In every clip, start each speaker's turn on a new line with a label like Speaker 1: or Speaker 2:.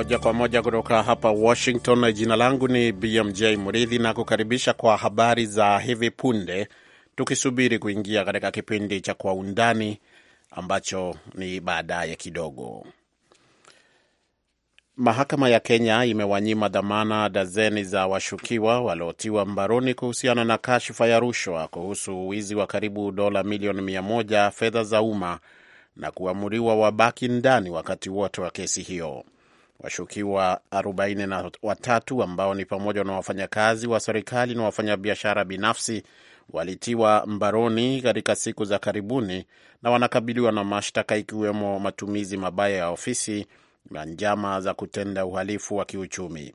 Speaker 1: Moja kwa moja kutoka hapa Washington. Jina langu ni BMJ muridhi na kukaribisha kwa habari za hivi punde, tukisubiri kuingia katika kipindi cha Kwa Undani ambacho ni baadaye kidogo. Mahakama ya Kenya imewanyima dhamana dazeni za washukiwa waliotiwa mbaroni kuhusiana na kashfa ya rushwa kuhusu wizi wa karibu dola milioni mia moja fedha za umma na kuamuriwa wabaki ndani wakati wote wa kesi hiyo. Washukiwa 43 ambao ni pamoja na wafanyakazi wa serikali na wafanyabiashara binafsi walitiwa mbaroni katika siku za karibuni na wanakabiliwa na mashtaka ikiwemo matumizi mabaya ya ofisi na njama za kutenda uhalifu wa kiuchumi.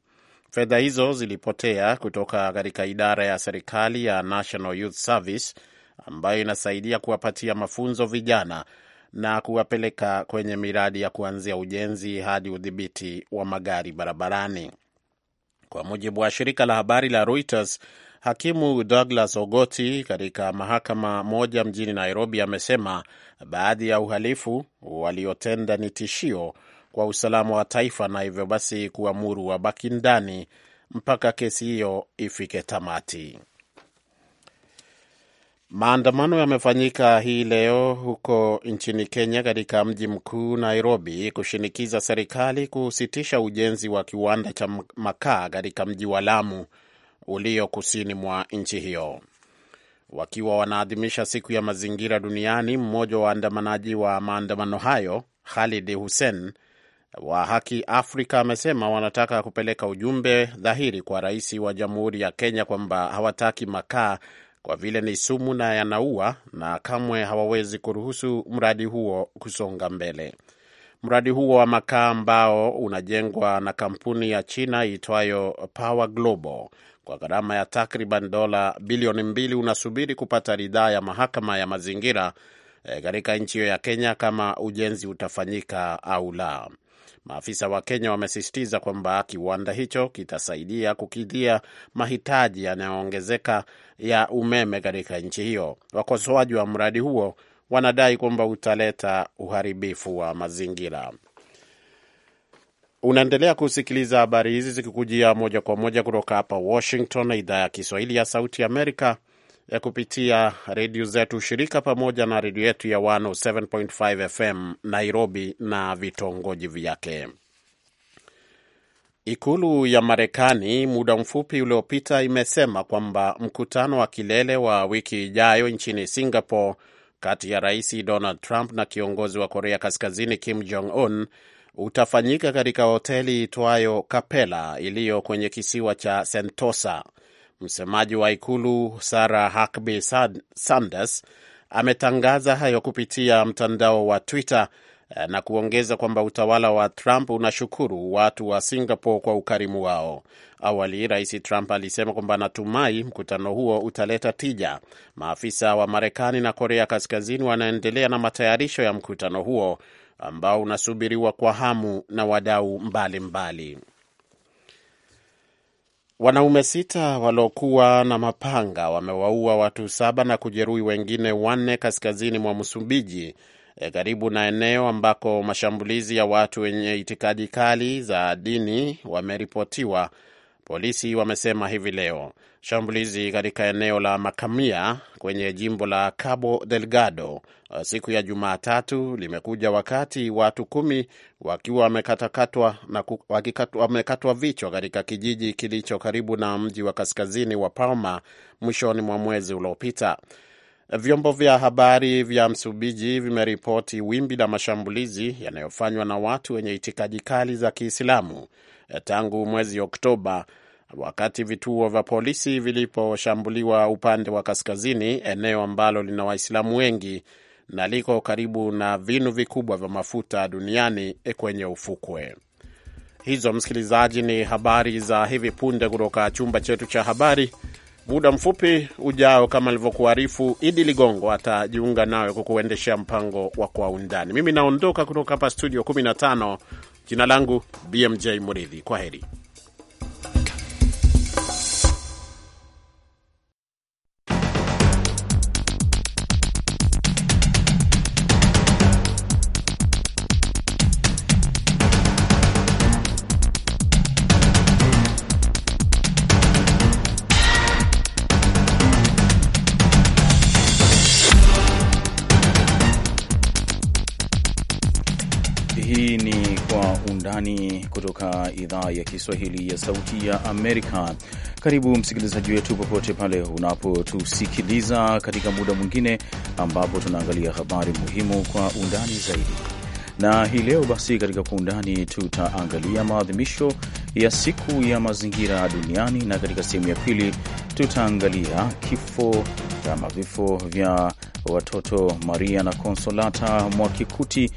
Speaker 1: Fedha hizo zilipotea kutoka katika idara ya serikali ya National Youth Service ambayo inasaidia kuwapatia mafunzo vijana na kuwapeleka kwenye miradi ya kuanzia ujenzi hadi udhibiti wa magari barabarani. Kwa mujibu wa shirika la habari la Reuters, hakimu Douglas Ogoti katika mahakama moja mjini Nairobi amesema baadhi ya uhalifu waliotenda ni tishio kwa usalama wa taifa na hivyo basi kuamuru wabaki ndani mpaka kesi hiyo ifike tamati. Maandamano yamefanyika hii leo huko nchini Kenya katika mji mkuu Nairobi kushinikiza serikali kusitisha ujenzi wa kiwanda cha makaa katika mji wa Lamu ulio kusini mwa nchi hiyo. Wakiwa wanaadhimisha siku ya mazingira duniani, mmoja wa waandamanaji wa maandamano hayo Khalid Hussein wa Haki Afrika amesema wanataka kupeleka ujumbe dhahiri kwa rais wa Jamhuri ya Kenya kwamba hawataki makaa kwa vile ni sumu na yanaua, na kamwe hawawezi kuruhusu mradi huo kusonga mbele. Mradi huo wa makaa ambao unajengwa na kampuni ya China iitwayo Power Global kwa gharama ya takriban dola bilioni mbili unasubiri kupata ridhaa ya mahakama ya mazingira eh, katika e, nchi hiyo ya Kenya kama ujenzi utafanyika au la. Maafisa wa Kenya wamesisitiza kwamba kiwanda hicho kitasaidia kukidhia mahitaji yanayoongezeka ya umeme katika nchi hiyo. Wakosoaji wa mradi huo wanadai kwamba utaleta uharibifu wa mazingira. Unaendelea kusikiliza habari hizi zikikujia moja kwa moja kutoka hapa Washington, idhaa ya Kiswahili ya Sauti Amerika, ya eh, kupitia redio zetu shirika pamoja na redio yetu ya 107.5 FM Nairobi na vitongoji vyake. Ikulu ya Marekani muda mfupi uliopita imesema kwamba mkutano wa kilele wa wiki ijayo nchini Singapore kati ya Rais Donald Trump na kiongozi wa Korea Kaskazini Kim Jong Un utafanyika katika hoteli itwayo Capella iliyo kwenye kisiwa cha Sentosa. Msemaji wa ikulu Sarah Huckabee Sanders ametangaza hayo kupitia mtandao wa Twitter eh, na kuongeza kwamba utawala wa Trump unashukuru watu wa Singapore kwa ukarimu wao. Awali Rais Trump alisema kwamba anatumai mkutano huo utaleta tija. Maafisa wa Marekani na Korea Kaskazini wanaendelea na matayarisho ya mkutano huo ambao unasubiriwa kwa hamu na wadau mbalimbali mbali. Wanaume sita waliokuwa na mapanga wamewaua watu saba na kujeruhi wengine wanne kaskazini mwa Msumbiji, e, karibu na eneo ambako mashambulizi ya watu wenye itikadi kali za dini wameripotiwa Polisi wamesema hivi leo shambulizi katika eneo la Makamia kwenye jimbo la Cabo Delgado uh, siku ya Jumatatu limekuja wakati watu kumi wakiwa wamekatakatwa na wamekatwa vichwa katika kijiji kilicho karibu na mji wa kaskazini wa Palma mwishoni mwa mwezi uliopita. Vyombo vya habari vya Msumbiji vimeripoti wimbi la mashambulizi yanayofanywa na watu wenye itikadi kali za Kiislamu Eh, tangu mwezi Oktoba wakati vituo vya polisi viliposhambuliwa upande wa kaskazini, eneo ambalo lina Waislamu wengi na liko karibu na vinu vikubwa vya mafuta duniani eh, kwenye ufukwe. Hizo msikilizaji, ni habari za hivi punde kutoka chumba chetu cha habari. Muda mfupi ujao, kama alivyokuarifu Idi Ligongo atajiunga nawe kukuendeshea mpango wa Kwa Undani. Mimi naondoka kutoka hapa studio 15 Jina langu BMJ Muridhi, kwa heri.
Speaker 2: Undani kutoka idhaa ya Kiswahili ya Sauti ya Amerika. Karibu msikilizaji wetu popote pale unapotusikiliza katika muda mwingine ambapo tunaangalia habari muhimu kwa undani zaidi. Na hii leo basi, katika kwa undani tutaangalia maadhimisho ya siku ya mazingira duniani, na katika sehemu ya pili tutaangalia kifo ama vifo vya watoto Maria na Konsolata Mwakikuti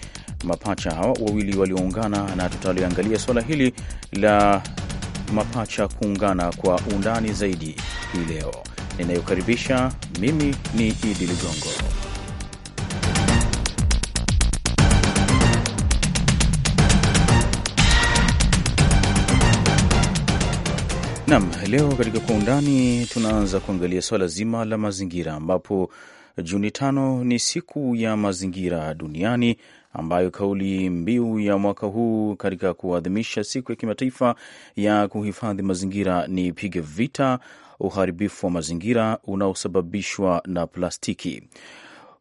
Speaker 2: mapacha hawa wawili walioungana, na tutaliangalia suala hili la mapacha kuungana kwa undani zaidi hii leo. Ninayokaribisha mimi ni Idi Ligongo. Nam, leo katika kwa undani tunaanza kuangalia swala zima la mazingira ambapo Juni tano ni siku ya mazingira duniani ambayo kauli mbiu ya mwaka huu katika kuadhimisha siku ya kimataifa ya kuhifadhi mazingira ni piga vita uharibifu wa mazingira unaosababishwa na plastiki.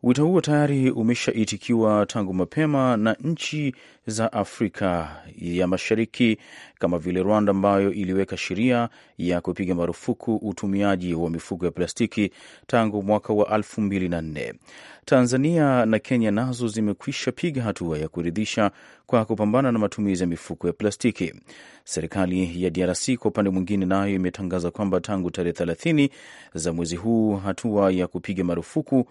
Speaker 2: Wito huo tayari umeshaitikiwa tangu mapema na nchi za Afrika ya Mashariki kama vile Rwanda, ambayo iliweka sheria ya kupiga marufuku utumiaji wa mifuko ya plastiki tangu mwaka wa 2004. Tanzania na Kenya nazo zimekwisha piga hatua ya kuridhisha kwa kupambana na matumizi ya mifuko ya plastiki. Serikali ya DRC kwa upande mwingine, nayo imetangaza kwamba tangu tarehe 30 za mwezi huu hatua ya kupiga marufuku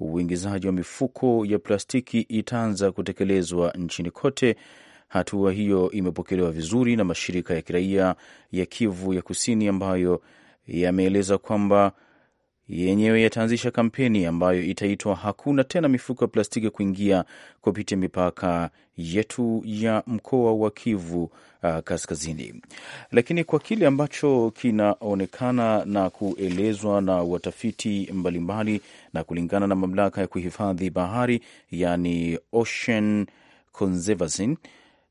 Speaker 2: uingizaji wa mifuko ya plastiki itaanza kutekelezwa nchini kote. Hatua hiyo imepokelewa vizuri na mashirika ya kiraia ya Kivu ya Kusini ambayo yameeleza kwamba yenyewe yataanzisha kampeni ambayo itaitwa hakuna tena mifuko ya plastiki kuingia kupitia mipaka yetu ya mkoa wa Kivu uh, Kaskazini. Lakini kwa kile ambacho kinaonekana na kuelezwa na watafiti mbalimbali, na kulingana na mamlaka ya kuhifadhi bahari, yani Ocean Conservancy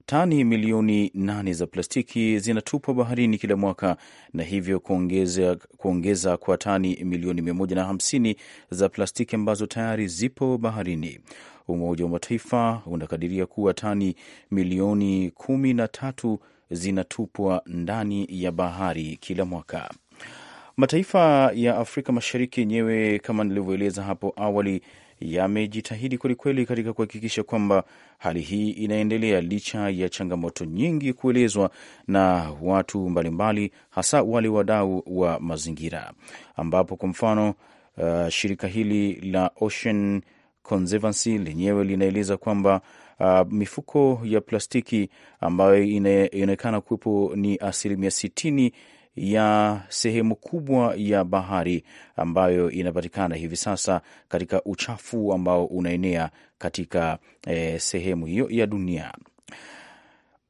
Speaker 2: tani milioni nane za plastiki zinatupwa baharini kila mwaka na hivyo kuongeza, kuongeza kwa tani milioni mia moja na hamsini za plastiki ambazo tayari zipo baharini. Umoja wa Mataifa unakadiria kuwa tani milioni kumi na tatu zinatupwa ndani ya bahari kila mwaka. Mataifa ya Afrika Mashariki yenyewe kama nilivyoeleza hapo awali yamejitahidi kwelikweli katika kuhakikisha kwamba hali hii inaendelea licha ya changamoto nyingi kuelezwa na watu mbalimbali, hasa wale wadau wa mazingira, ambapo kwa mfano uh, shirika hili la Ocean Conservancy lenyewe linaeleza kwamba uh, mifuko ya plastiki ambayo inaonekana kuwepo ni asilimia sitini ya sehemu kubwa ya bahari ambayo inapatikana hivi sasa katika uchafu ambao unaenea katika e, sehemu hiyo ya dunia.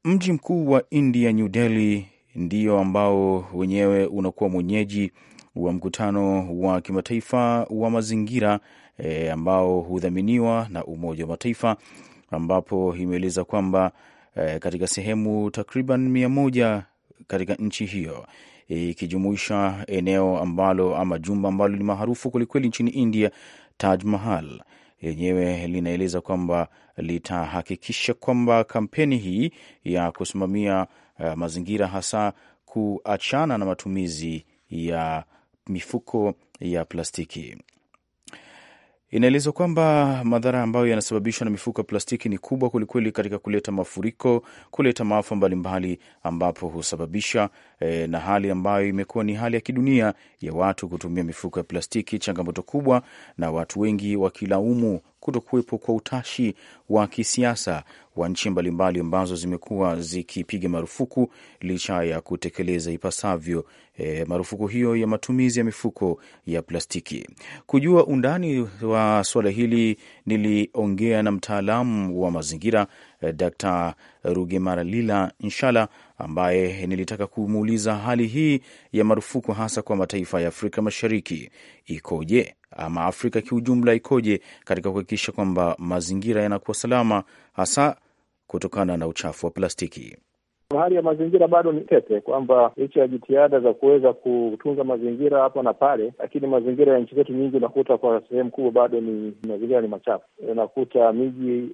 Speaker 2: Mji mkuu wa India, New Delhi, ndio ambao wenyewe unakuwa mwenyeji wa mkutano wa kimataifa wa mazingira e, ambao hudhaminiwa na Umoja wa Mataifa, ambapo imeeleza kwamba e, katika sehemu takriban mia moja katika nchi hiyo ikijumuisha eneo ambalo ama jumba ambalo ni maarufu kwelikweli nchini India, Taj Mahal. Yenyewe linaeleza kwamba litahakikisha kwamba kampeni hii ya kusimamia uh, mazingira hasa kuachana na matumizi ya mifuko ya plastiki. Inaelezwa kwamba madhara ambayo yanasababishwa na mifuko ya plastiki ni kubwa kwelikweli katika kuleta mafuriko, kuleta maafa mbalimbali, ambapo husababisha e, na hali ambayo imekuwa ni hali ya kidunia ya watu kutumia mifuko ya plastiki, changamoto kubwa, na watu wengi wakilaumu kutokuwepo kwa utashi wa kisiasa wa nchi mbalimbali ambazo zimekuwa zikipiga marufuku licha ya kutekeleza ipasavyo e, marufuku hiyo ya matumizi ya mifuko ya plastiki. Kujua undani wa suala hili, niliongea na mtaalamu wa mazingira e, Dr. Rugemalila Nshala ambaye nilitaka kumuuliza hali hii ya marufuku hasa kwa mataifa ya Afrika Mashariki ikoje ama Afrika kiujumla ikoje katika kuhakikisha kwamba mazingira yanakuwa salama hasa kutokana na uchafu wa plastiki.
Speaker 3: Hali ya mazingira bado ni tete, kwamba licha ya jitihada za kuweza kutunza mazingira hapa na pale, lakini mazingira ya nchi zetu nyingi unakuta kwa sehemu kubwa bado ni mazingira ni machafu. Unakuta miji,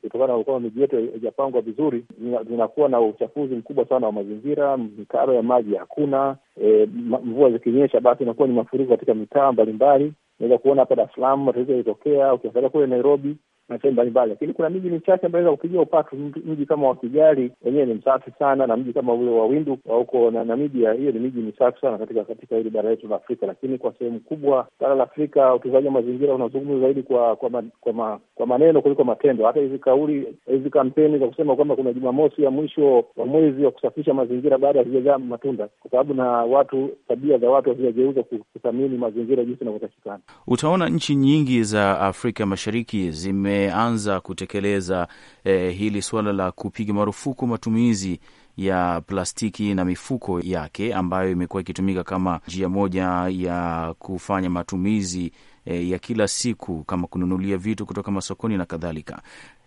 Speaker 3: kutokana na kwamba miji yetu haijapangwa vizuri, zinakuwa na uchafuzi mkubwa sana wa mazingira. Mikaro ya maji hakuna. E, mvua zikinyesha, basi inakuwa ni mafuriko katika mitaa mbalimbali. Unaweza kuona hapa Dar es Salaam matatizo yalitokea, ukiangalia kule Nairobi na sehemu mbalimbali, lakini kuna miji michache ambayo inaweza kupigia upatu. Mji kama wa Kigali wenyewe ni msafi sana, na mji kama ule wa windu huko na Namibia, hiyo ni miji misafi sana katika katika hili bara letu la Afrika. Lakini kwa sehemu kubwa bara la Afrika utunzaji wa mazingira unazungumza zaidi kwa kwa, ma, kwa, ma, kwa maneno kuliko matendo. Hata hizi kauli hizi kampeni za kusema kwamba kuna Jumamosi ya mwisho wa mwezi wa kusafisha mazingira baada ya hazijazaa matunda, kwa sababu na watu tabia za watu hazijageuza kuthamini mazingira jinsi inavyotakikana.
Speaker 2: Utaona nchi nyingi za Afrika Mashariki zime imeanza kutekeleza eh, hili suala la kupiga marufuku matumizi ya plastiki na mifuko yake ambayo imekuwa ikitumika kama njia moja ya kufanya matumizi eh, ya kila siku kama kununulia vitu kutoka masokoni na kadhalika.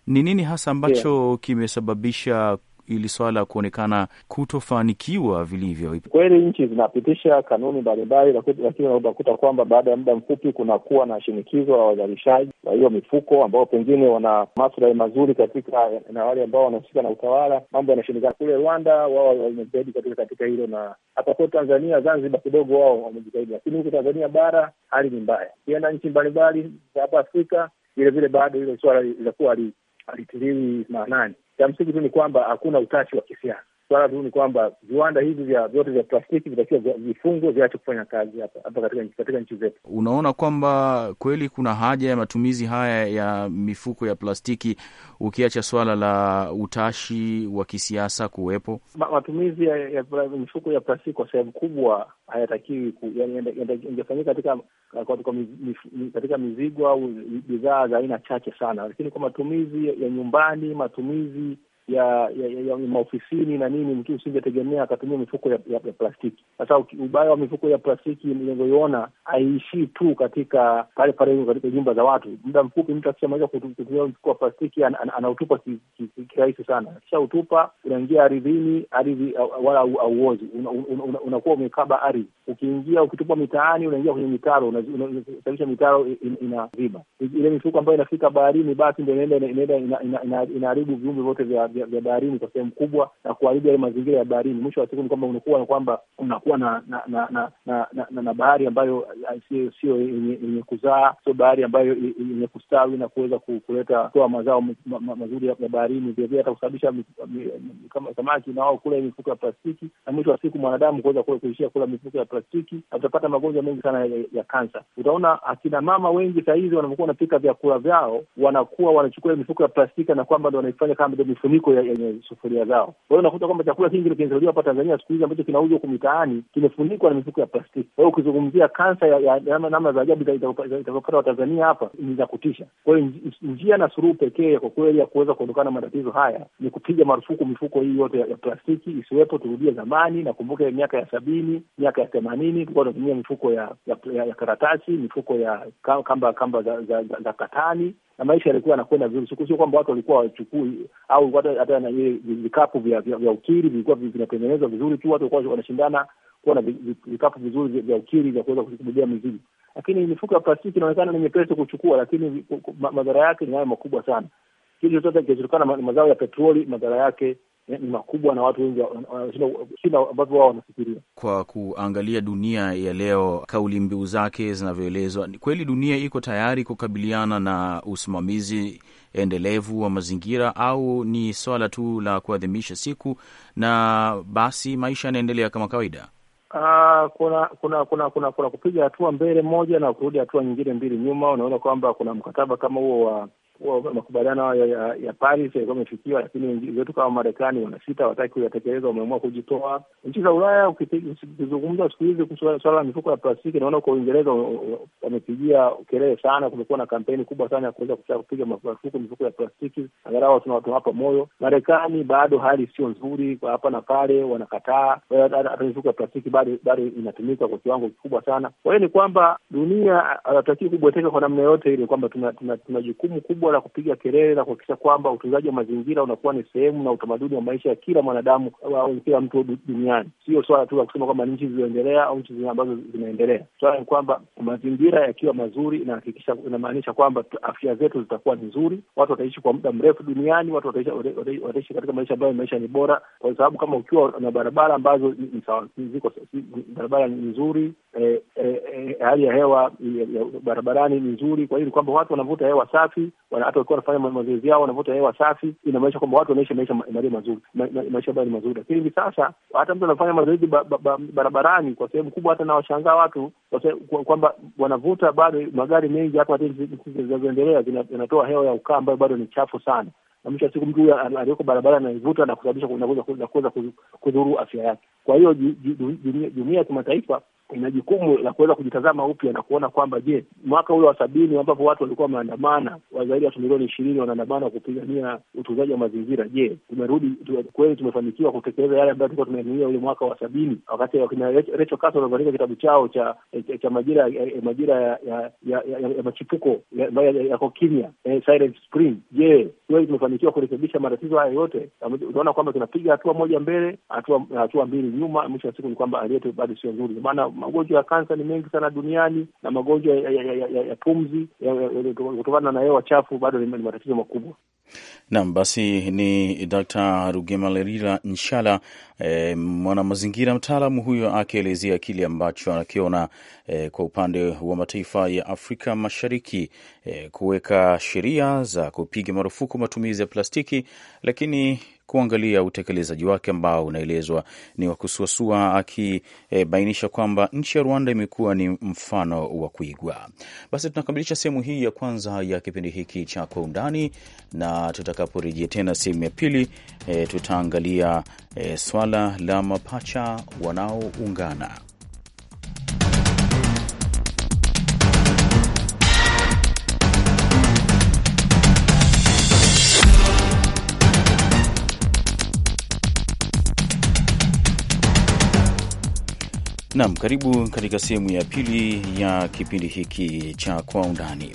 Speaker 2: Ni nini hasa ambacho yeah, kimesababisha ili swala kuonekana kutofanikiwa
Speaker 3: vilivyo. Kweli nchi zinapitisha kanuni mbalimbali, lakini unakuta kwamba baada ya muda mfupi kunakuwa na shinikizo la wazalishaji wa hiyo mifuko ambao pengine wana maslahi mazuri katika na wale ambao wanahusika na utawala, mambo yanashindikana. Kule Rwanda wao wamejitahidi katika katika hilo, na hata kwa Tanzania Zanzibar kidogo wao wamejitahidi, lakini huku Tanzania bara hali ni mbaya. Ukienda nchi mbalimbali za hapa Afrika vilevile bado hilo swala linakuwa halitiliwi maanani cha msingi tu ni kwamba hakuna utashi wa kisiasa. Swala tu ni kwamba viwanda hivi vya vyote vya plastiki vitakiwa vifungwe, viache kufanya kazi hapa hapa katika, katika nchi zetu.
Speaker 2: Unaona kwamba kweli kuna haja ya matumizi haya ya mifuko ya plastiki, ukiacha swala la utashi wa kisiasa kuwepo.
Speaker 3: Ma, matumizi ya, ya mifuko ya plastiki kwa sehemu kubwa hayatakiwi, ingefanyika katika katika mizigo au bidhaa za aina chache sana, lakini kwa matumizi ya nyumbani, matumizi ya ya, ya, ya maofisini na nini, mtu usingetegemea akatumia mifuko ya, ya, ya plastiki. Sasa ubaya wa mifuko ya plastiki inavyoiona haiishii tu katika pale pale katika nyumba za watu. Muda mfupi mtu akishamaliza kutumia mfuko wa plastiki an, an, anautupa kirahisi ki, ki, ki sana. Kisha utupa unaingia ardhini, ardhi wala auozi, unakuwa umekaba ardhi. Ukiingia ukitupa mitaani, unaingia kwenye mitaro, unasababisha mitaro inaziba ile mifuko ambayo inafika baharini, basi ndo inaenda inaharibu viumbe vyote vya vya, baharini kwa sehemu kubwa na kuharibu yale mazingira ya baharini. Mwisho wa siku ni kwamba unakuwa na kwamba unakuwa na na na, na, na, na, na, na bahari ambayo uh, sio yenye kuzaa, sio bahari ambayo yenye kustawi na kuweza kuleta kutoa mazao mazuri ya baharini, vilevile hata kusababisha kama samaki na wao kula mifuko ya plastiki, na mwisho wa siku mwanadamu kuweza kuishia kula mifuko ya plastiki, na utapata magonjwa mengi sana ya, ya kansa. Utaona akina mama wengi sahizi hizi wanapika vyakula vyao, wanakuwa wanachukua mifuko ya plastiki na kwamba ndo wanaifanya kama ndo mifuniko kuliko yenye sufuria zao. Kwa hiyo unakuta kwamba chakula kingi kinazaliwa hapa Tanzania siku hizi ambacho kinauzwa huku mitaani kimefunikwa na mifuko ya plastiki. Kwa hiyo ukizungumzia kansa ya namna za ajabu itakopata Watanzania hapa ni za kutisha. Kwa hiyo njia na suruhu pekee kwa kweli ya kuweza kuondokana na matatizo haya ni kupiga marufuku mifuko hii yote ya plastiki isiwepo. Turudie zamani, nakumbuka miaka ya sabini, miaka ya themanini tulikuwa tunatumia mifuko ya ya, ya ya karatasi, mifuko ya kamba kamba za, za, za, za katani na maisha yalikuwa yanakwenda vizuri, sio kwamba watu walikuwa wachukui au hata vikapu vya vya ukiri vilikuwa vinatengenezwa vizuri tu, watu walikuwa wanashindana kuwa na vikapu vizuri vya ukiri vya kuweza kubebea mizigo. Lakini mifuko ya plastiki inaonekana ni nyepesi kuchukua, lakini madhara yake ni hayo makubwa sana. Kitu chochote kinachotokana na mazao ya petroli, madhara yake Eh, ni makubwa na watu wengi shida ambavyo wao wanafikiria.
Speaker 2: Kwa kuangalia dunia ya leo, kauli mbiu zake zinavyoelezwa, ni kweli dunia iko tayari kukabiliana na usimamizi endelevu wa mazingira, au ni swala tu la kuadhimisha siku na basi maisha yanaendelea kama kawaida?
Speaker 3: Ah, kuna kuna kuna kuna kuna kupiga hatua mbele moja na kurudi hatua nyingine mbili nyuma. Unaona kwamba kuna mkataba kama huo wa makubaliano hayo ya, ya Paris yalikuwa amefikiwa, lakini nchi zetu kama Marekani wanasita, wataki kuyatekeleza, wameamua kujitoa. Nchi za Ulaya ukizungumza siku hizi kuhusu suala la mifuko ya plastiki, naona kwa Uingereza wamepigia kelele sana. Kumekuwa na kampeni kubwa sana ya kuweza kupiga marufuku mifuko ya plastiki, angalau tunawapa moyo. Marekani bado hali sio nzuri, hapa na pale wanakataa, hata mifuko ya plastiki bado bado inatumika kwa kiwango kikubwa sana. Kwa hiyo ni kwamba dunia hatakii kubweteka kwa namna yoyote ile, kwamba tuna jukumu kubwa la kupiga kelele na kuhakikisha kwamba utunzaji wa mazingira unakuwa ni sehemu na utamaduni wa maisha ya kila mwanadamu au kila mtu duniani. Sio swala tu la kusema kwamba ni nchi zilizoendelea au nchi ambazo zinaendelea. Swala ni kwamba mazingira yakiwa mazuri, inahakikisha inamaanisha kwamba afya zetu zitakuwa nzuri, watu wataishi kwa muda mrefu duniani, watu wataishi katika maisha ambayo maisha ni bora, kwa sababu kama ukiwa na barabara ambazo ziko barabara ni nzuri, e, e, e, hali ya hewa barabarani ni nzuri, kwa hiyo kwamba watu wanavuta hewa safi hata walikuwa wanafanya mazoezi yao wanavuta hewa safi, inamaanisha kwamba watu wanaishi maisha mazuri, maisha ambayo ni mazuri. Lakini hivi sasa hata mtu anafanya mazoezi barabarani, kwa sehemu kubwa hata nawashangaa watu kwamba wanavuta bado. Magari mengi hata zinazoendelea zinatoa hewa ya ukaa ambayo bado ni chafu sana na mwisho wa siku mtu huyo aliyoko barabara anaivuta na kusababisha na kuweza kudhuru afya yake. Kwa hiyo jumuia ya kimataifa ina jukumu la kuweza kujitazama upya na kuona kwamba je, mwaka ule wa sabini ambapo watu walikuwa wameandamana zaidi ya watu milioni ishirini wanaandamana kupigania utunzaji wa mazingira, je, tumerudi kweli? Tumefanikiwa kutekeleza yale ambayo tulikuwa tumeanuia ule mwaka wa sabini? Wakati wakina Rachel Carson wanavyoandika kitabu chao cha cha majira eh, eh, majira ya ya machipuko ambayo yako kimya, eh, Silent Spring, je, kweli tumefanikiwa kurekebisha matatizo haya yote? utaona kwamba tunapiga hatua moja mbele, hatua mbili nyuma. Mwisho wa siku ni kwamba hali yetu bado sio nzuri, maana magonjwa ya kansa ni mengi sana duniani na magonjwa ya, ya, ya, ya, ya pumzi kutokana na hewa chafu bado ni matatizo makubwa.
Speaker 2: Naam, basi ni Dr. Rugemalera Nshala, e, eh, mwanamazingira mtaalamu huyo akielezea kile ambacho anakiona e, kwa upande wa mataifa ya Afrika Mashariki e, kuweka sheria za kupiga marufuku matumizi ya plastiki, lakini kuangalia utekelezaji wake ambao unaelezwa ni wa kusuasua, akibainisha e, kwamba nchi ya Rwanda imekuwa ni mfano wa kuigwa. Basi tunakamilisha sehemu hii ya kwanza ya kipindi hiki cha Kwa Undani, na tutakaporejea tena sehemu ya pili e, tutaangalia e, swala la mapacha wanaoungana. Naam, karibu katika sehemu ya pili ya kipindi hiki cha Kwa Undani.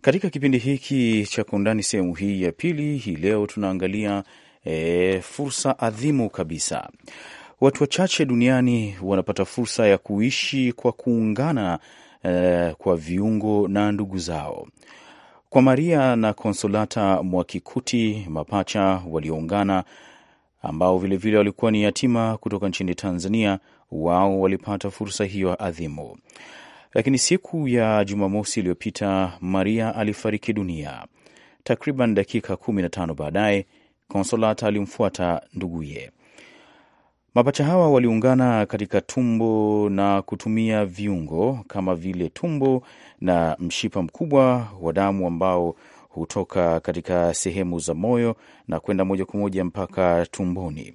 Speaker 2: Katika kipindi hiki cha Kwa Undani, sehemu hii ya pili hii leo tunaangalia e, fursa adhimu kabisa. Watu wachache duniani wanapata fursa ya kuishi kwa kuungana e, kwa viungo na ndugu zao. Kwa Maria na Konsolata Mwakikuti mapacha walioungana ambao vilevile vile walikuwa ni yatima kutoka nchini Tanzania wao walipata fursa hiyo adhimu. Lakini siku ya Jumamosi iliyopita Maria alifariki dunia. Takriban dakika kumi na tano baadaye Konsolata alimfuata nduguye. Mapacha hawa waliungana katika tumbo na kutumia viungo kama vile tumbo na mshipa mkubwa wa damu ambao hutoka katika sehemu za moyo na kwenda moja kwa moja mpaka tumboni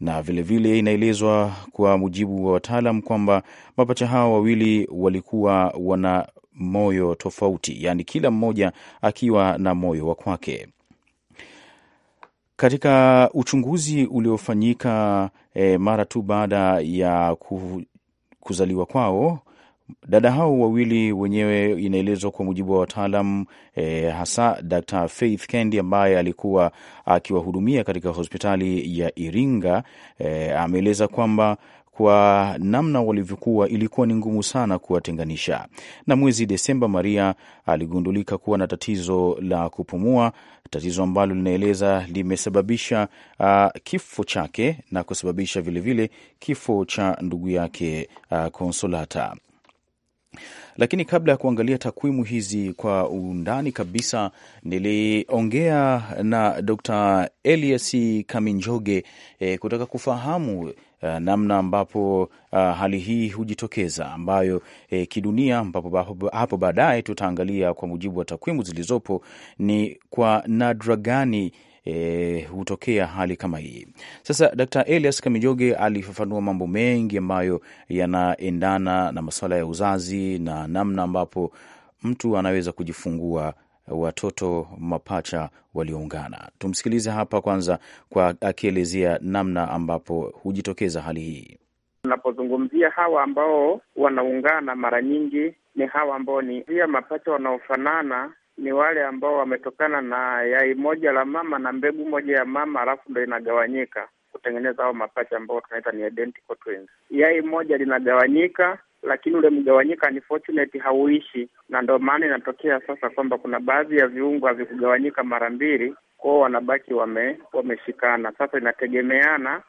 Speaker 2: na vilevile inaelezwa kwa mujibu wa wataalam kwamba mapacha hao wawili walikuwa wana moyo tofauti, yaani kila mmoja akiwa na moyo wa kwake. Katika uchunguzi uliofanyika e, mara tu baada ya kuzaliwa kwao Dada hao wawili wenyewe inaelezwa kwa mujibu wa wataalam e, hasa Dr. Faith Kendi ambaye alikuwa akiwahudumia katika hospitali ya Iringa e, ameeleza kwamba kwa namna walivyokuwa ilikuwa ni ngumu sana kuwatenganisha. Na mwezi Desemba, Maria aligundulika kuwa na tatizo la kupumua, tatizo ambalo linaeleza limesababisha uh, kifo chake na kusababisha vilevile vile kifo cha ndugu yake uh, Konsolata. Lakini kabla ya kuangalia takwimu hizi kwa undani kabisa, niliongea na Dr. Elias Kaminjoge e, kutaka kufahamu Uh, namna ambapo uh, hali hii hujitokeza ambayo eh, kidunia ambapo hapo baadaye tutaangalia kwa mujibu wa takwimu zilizopo ni kwa nadra gani E, hutokea e, hali kama hii. Sasa d Elias Kamijoge alifafanua mambo mengi ambayo yanaendana na masuala ya uzazi na namna ambapo mtu anaweza kujifungua watoto mapacha walioungana. Tumsikilize hapa kwanza, kwa akielezea namna ambapo hujitokeza hali hii.
Speaker 4: Tunapozungumzia hawa ambao wanaungana, mara nyingi ni hawa ambao ni pia mapacha wanaofanana ni wale ambao wametokana na yai moja la mama na mbegu moja ya mama, alafu ndo inagawanyika kutengeneza hao mapacha ambao tunaita ni identical twins. Yai moja linagawanyika, lakini ule mgawanyika ni hauishi, na ndo maana inatokea sasa kwamba kuna baadhi ya viungo havikugawanyika mara mbili, kwao wanabaki wame- wameshikana. Sasa inategemeana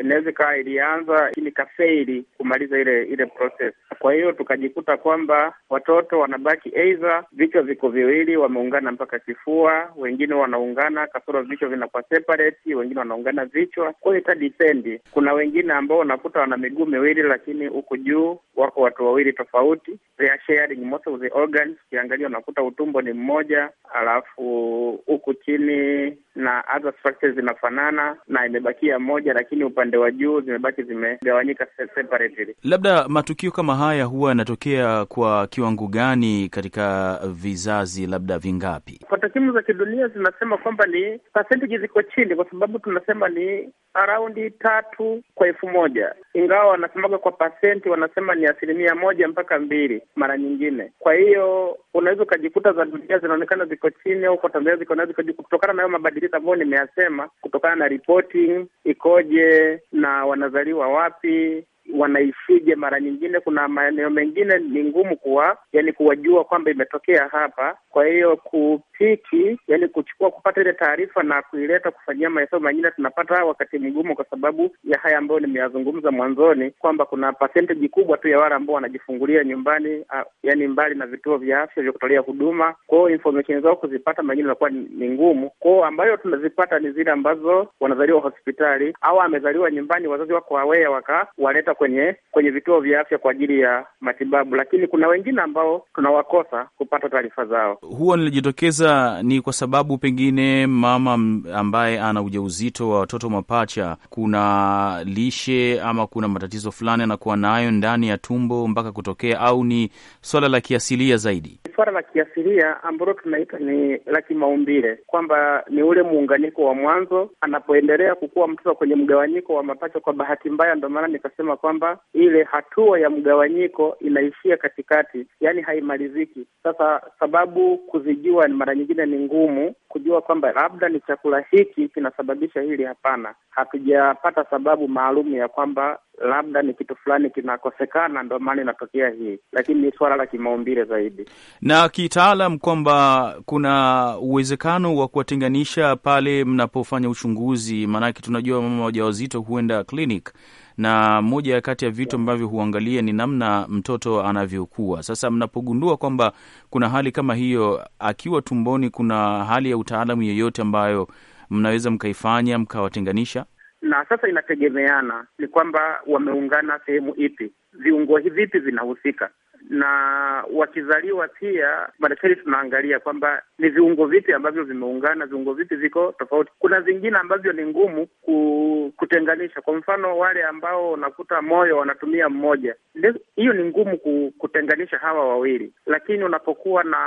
Speaker 4: inaweza ikawa ilianza lakini kafeili kumaliza ile ile process. Kwa hiyo tukajikuta kwamba watoto wanabaki aidha vichwa viko viwili wameungana mpaka kifua, wengine wanaungana kasoro vichwa vinakuwa separate, wengine wanaungana vichwa. Kwa hiyo itadipendi. Kuna wengine ambao unakuta wana miguu miwili lakini huku juu wako watu wawili tofauti. They are sharing most of the organs. Ukiangalia unakuta utumbo ni mmoja, alafu huku chini na hata structures zinafanana na imebakia moja, lakini upande wa juu zimebaki zimegawanyika separately.
Speaker 2: Labda matukio kama haya huwa yanatokea kwa kiwango gani katika vizazi labda vingapi?
Speaker 4: Kwa takwimu za kidunia zinasema kwamba ni percentage ziko chini, kwa sababu tunasema ni araundi tatu kwa elfu moja ingawa wanasemaga kwa pasenti, wanasema ni asilimia moja mpaka mbili mara nyingine. Kwa hiyo unaweza ukajikuta za dunia zinaonekana ziko chini au kwa Tanzania ziko ziko juu, kutokana na hayo mabadiliko ambayo nimeyasema, kutokana na reporting ikoje na wanazaliwa wapi wanaishije? Mara nyingine kuna maeneo mengine ni ngumu kuwa yani kuwajua kwamba imetokea hapa. Kwa hiyo kupiki, yani kuchukua kupata ile taarifa na kuileta kufanyia mahesabu mengine, tunapata wakati mgumu, kwa sababu ya haya ambayo nimeyazungumza mwanzoni kwamba kuna percentage kubwa tu ya wale ambao wanajifungulia nyumbani, yani mbali na vituo vya afya vya kutolea huduma. Kwa hiyo information zao kuzipata mengine inakuwa ni ngumu. Kwa hiyo ambayo tunazipata ni zile ambazo wanazaliwa hospitali au amezaliwa nyumbani, wazazi wako wawea wakawaleta kwenye kwenye vituo vya afya kwa ajili ya matibabu, lakini kuna wengine ambao tunawakosa kupata taarifa zao.
Speaker 2: Huwa nilijitokeza ni kwa sababu pengine mama ambaye ana ujauzito wa watoto mapacha, kuna lishe ama kuna matatizo fulani anakuwa nayo ndani ya tumbo mpaka kutokea, au ni swala la kiasilia zaidi?
Speaker 4: Swala la kiasilia ambalo tunaita ni la kimaumbile, kwamba ni ule muunganiko wa mwanzo anapoendelea kukua mtoto kwenye mgawanyiko wa mapacha. Kwa bahati mbaya, ndo maana nikasema kwa kwamba ile hatua ya mgawanyiko inaishia katikati, yani haimaliziki. Sasa sababu kuzijua mara nyingine ni ngumu kujua kwamba labda ni chakula hiki kinasababisha hili. Hapana, hatujapata sababu maalum ya kwamba labda ni kitu fulani kinakosekana, ndo maana inatokea hii, lakini ni suala la kimaumbile zaidi
Speaker 2: na kitaalam, kwamba kuna uwezekano wa kuwatenganisha pale mnapofanya uchunguzi, maanake tunajua mama wajawazito huenda clinic na moja kati ya vitu ambavyo huangalia ni namna mtoto anavyokuwa. Sasa mnapogundua kwamba kuna hali kama hiyo akiwa tumboni, kuna hali ya utaalamu yoyote ambayo mnaweza mkaifanya mkawatenganisha?
Speaker 4: Na sasa inategemeana ni kwamba wameungana sehemu ipi, viungo vipi vinahusika na wakizaliwa pia, madaktari tunaangalia kwamba ni viungo vipi ambavyo vimeungana, viungo vipi viko tofauti. Kuna vingine ambavyo ni ngumu ku, kutenganisha. Kwa mfano wale ambao unakuta moyo wanatumia mmoja, hiyo ni ngumu ku, kutenganisha hawa wawili, lakini unapokuwa na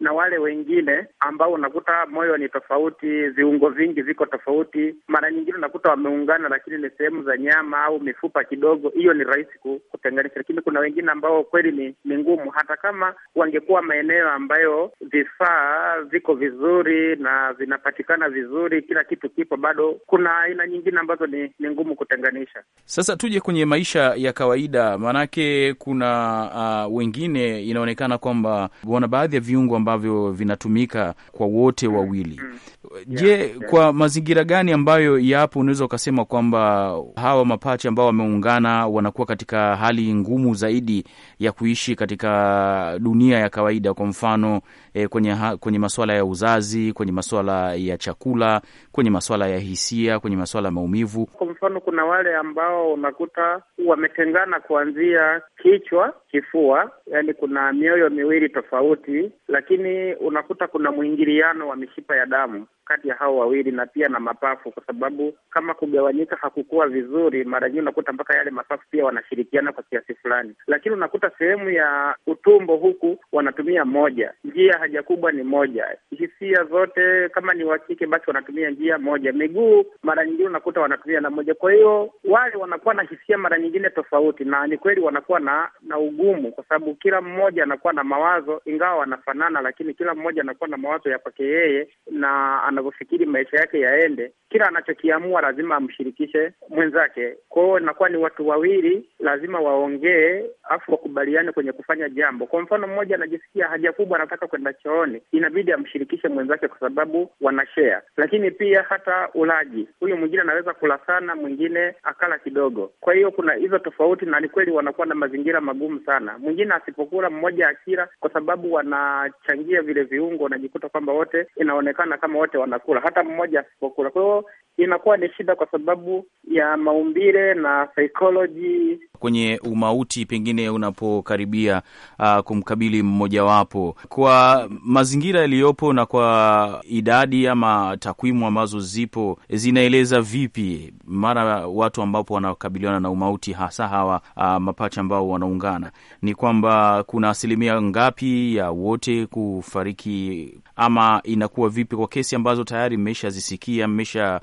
Speaker 4: na wale wengine ambao unakuta moyo ni tofauti, viungo vingi viko tofauti, mara nyingine unakuta wameungana, lakini ni sehemu za nyama au mifupa kidogo, hiyo ni rahisi kutenganisha, lakini kuna wengine ambao kweli ni, ni ngumu. Hata kama wangekuwa maeneo ambayo vifaa viko vizuri na vinapatikana vizuri, kila kitu kipo, bado kuna aina nyingine ambazo ni, ni ngumu kutenganisha.
Speaker 2: Sasa tuje kwenye maisha ya kawaida, maanake kuna uh, wengine inaonekana kwamba wana baadhi ya viungo ambavyo vinatumika kwa wote mm-hmm. wawili mm. Je, yeah, yeah. Kwa mazingira gani ambayo yapo unaweza ukasema kwamba hawa mapacha ambao wameungana wanakuwa katika hali ngumu zaidi ya kuishi katika dunia ya kawaida, kwa mfano e, kwenye, kwenye masuala ya uzazi, kwenye masuala ya chakula, kwenye masuala ya hisia, kwenye masuala ya maumivu. Kwa
Speaker 4: mfano, kuna wale ambao unakuta wametengana kuanzia kichwa, kifua, yaani kuna mioyo miwili tofauti, lakini unakuta kuna mwingiliano wa mishipa ya damu kati ya hao wawili na pia na mapafu, kwa sababu kama kugawanyika hakukuwa vizuri, mara nyingi unakuta mpaka yale mapafu pia wanashirikiana kwa kiasi fulani, lakini unakuta sehemu ya utumbo huku wanatumia moja njia haja kubwa ni moja, hisia zote, kama ni wakike basi wanatumia njia moja, miguu mara nyingine unakuta wanatumia na moja. Kwa hiyo wale wanakuwa na hisia mara nyingine tofauti, na ni kweli wanakuwa na
Speaker 3: na ugumu, kwa
Speaker 4: sababu kila mmoja anakuwa na mawazo, ingawa wanafanana, lakini kila mmoja anakuwa na mawazo ya kwake yeye na anavyofikiri maisha yake yaende. Kila anachokiamua lazima amshirikishe mwenzake, kwahio inakuwa ni watu wawili, lazima waongee afu wakubaliane kwenye kufanya jambo. Kwa mfano, mmoja anajisikia haja kubwa, anataka kwenda chooni, inabidi amshirikishe mwenzake kwa sababu wana shea Lakini pia hata ulaji, huyu mwingine anaweza kula sana, mwingine akala kidogo. Kwa hiyo kuna hizo tofauti, na ni kweli wanakuwa na mazingira magumu sana. Mwingine asipokula, mmoja akila, kwa sababu wanachangia vile viungo, wanajikuta kwamba wote inaonekana kama wote wanakula, hata mmoja asipokula. Kwa hiyo inakuwa ni shida kwa sababu ya maumbile na psychology.
Speaker 2: Kwenye umauti pengine unapokaribia uh, kumkabili mmojawapo kwa mazingira yaliyopo na kwa idadi ama takwimu ambazo zipo zinaeleza vipi mara watu ambapo wanakabiliana na umauti hasa hawa mapacha ambao wanaungana, ni kwamba kuna asilimia ngapi ya wote kufariki ama inakuwa vipi kwa kesi ambazo tayari mmeshazisikia mmesha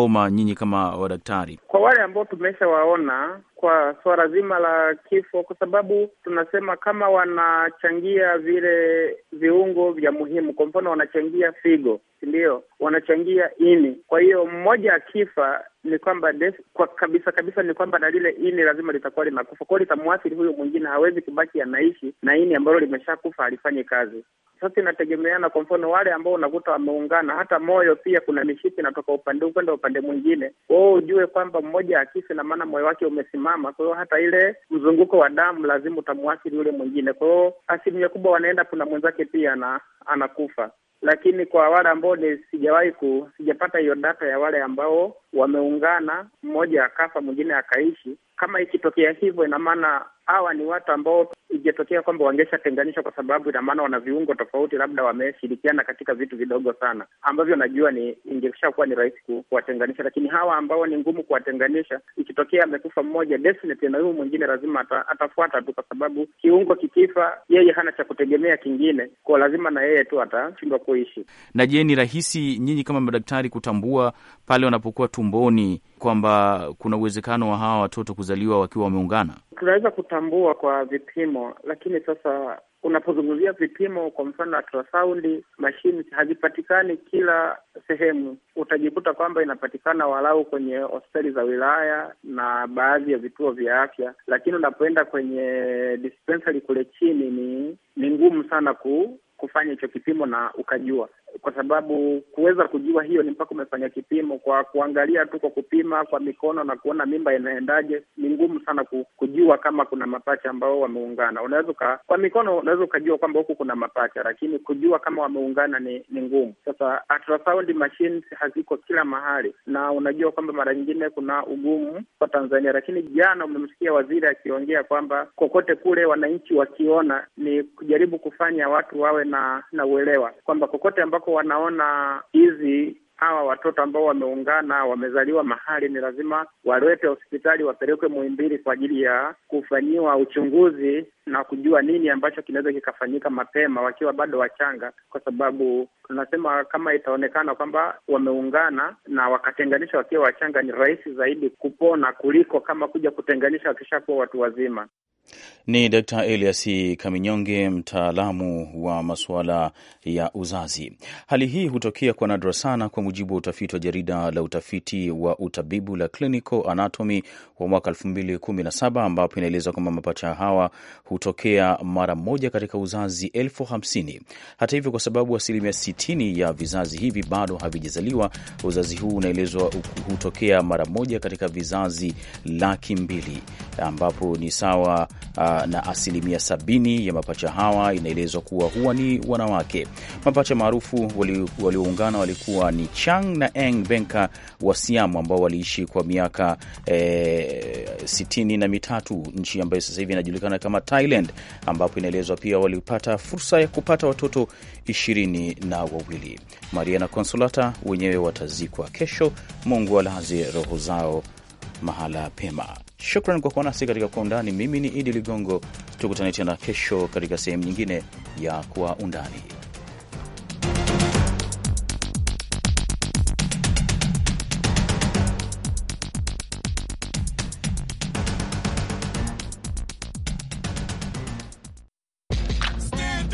Speaker 2: uh, nyinyi kama wadaktari?
Speaker 4: Kwa wale ambao tumeshawaona kwa suala zima la kifo, kwa sababu tunasema kama wanachangia vile viungo vya muhimu, kwa mfano wanachangia figo ndio wanachangia ini. Kwa hiyo mmoja akifa ni kwamba kwa kabisa kabisa ni kwamba na lile ini lazima litakuwa linakufa, kwa litamwathiri huyo mwingine. Hawezi kubaki anaishi na ini ambalo limeshakufa halifanyi kazi. Sasa inategemeana. Kwa mfano, wale ambao unakuta wameungana, hata moyo pia kuna mishipa inatoka upande huu kwenda upande mwingine. Kwa hiyo ujue kwamba mmoja akifa na maana moyo wake umesimama, kwa hiyo hata ile mzunguko wa damu lazima utamwathiri yule mwingine. Kwa hiyo asilimia kubwa wanaenda, kuna mwenzake pia na anakufa lakini kwa wale ambao ni sijawahi ku sijapata hiyo data ya wale ambao wameungana, mmoja akafa mwingine akaishi, kama ikitokea hivyo, ina maana hawa ni watu ambao ingetokea kwamba wangeshatenganishwa, kwa sababu ina maana wana viungo tofauti, labda wameshirikiana katika vitu vidogo sana ambavyo najua ni ingeshakuwa ni rahisi kuwatenganisha, lakini hawa ambao ni ngumu kuwatenganisha, ikitokea amekufa mmoja, definitely na huyu mwingine lazima ata, atafuata tu, kwa sababu kiungo kikifa, yeye hana cha kutegemea kingine, kwa lazima na yeye tu atashindwa kuishi.
Speaker 2: Na je, ni rahisi nyinyi kama madaktari kutambua pale wanapokuwa tumboni kwamba kuna uwezekano wa hawa watoto kuzaliwa wakiwa wameungana?
Speaker 4: Tunaweza kutambua kwa vipimo, lakini sasa unapozungumzia vipimo, kwa mfano ultrasound mashine hazipatikani kila sehemu. Utajikuta kwamba inapatikana walau kwenye hospitali za wilaya na baadhi ya vituo vya afya, lakini unapoenda kwenye dispensary kule chini, ni ni ngumu sana ku, kufanya hicho kipimo na ukajua kwa sababu kuweza kujua hiyo ni mpaka umefanya kipimo. Kwa kuangalia tu kwa kupima kwa mikono na kuona mimba inaendaje, ni ngumu sana kujua kama kuna mapacha ambao wameungana. Unaweza kwa mikono unaweza ukajua kwamba huku kuna mapacha, lakini kujua kama wameungana ni, ni ngumu. Sasa ultrasound machines haziko kila mahali, na unajua kwamba mara nyingine kuna ugumu kwa Tanzania, lakini jana umemsikia waziri akiongea kwamba kokote kule wananchi wakiona ni kujaribu kufanya watu wawe na na uelewa kwamba kokote amba ambako wanaona
Speaker 3: hizi
Speaker 4: hawa watoto ambao wameungana wamezaliwa mahali, ni lazima walete hospitali, wapelekwe Muhimbili kwa ajili ya kufanyiwa uchunguzi na kujua nini ambacho kinaweza kikafanyika mapema wakiwa bado wachanga, kwa sababu tunasema kama itaonekana kwamba wameungana na wakatenganisha wakiwa wachanga, ni rahisi zaidi kupona kuliko kama kuja kutenganisha wakishakuwa watu wazima.
Speaker 2: Ni d Elias Kaminyonge, mtaalamu wa masuala ya uzazi. Hali hii hutokea kwa nadra sana kwa mujibu wa utafiti wa jarida la utafiti wa utabibu la Clinical Anatomy wa mwaka 2017 ambapo inaeleza kwamba mapacha hawa hutokea mara moja katika uzazi elfu hamsini. Hata hivyo, kwa sababu asilimia 60 ya vizazi hivi bado havijazaliwa, uzazi huu unaelezwa hutokea mara moja katika vizazi laki mbili ambapo ni sawa uh, na asilimia sabini ya mapacha hawa inaelezwa kuwa huwa ni wanawake. Mapacha maarufu walioungana wali walikuwa ni Chang na Eng Benka wa Siamu ambao waliishi kwa miaka eh, sitini na mitatu, nchi ambayo sasa hivi inajulikana kama Thailand, ambapo inaelezwa pia walipata fursa ya kupata watoto ishirini na wawili. Maria na Konsolata wenyewe watazikwa kesho. Mungu alaze roho zao mahala pema. Shukran kwa kuwa nasi katika Kwa Undani. Mimi ni Idi Ligongo, tukutane tena kesho katika sehemu nyingine ya Kwa Undani.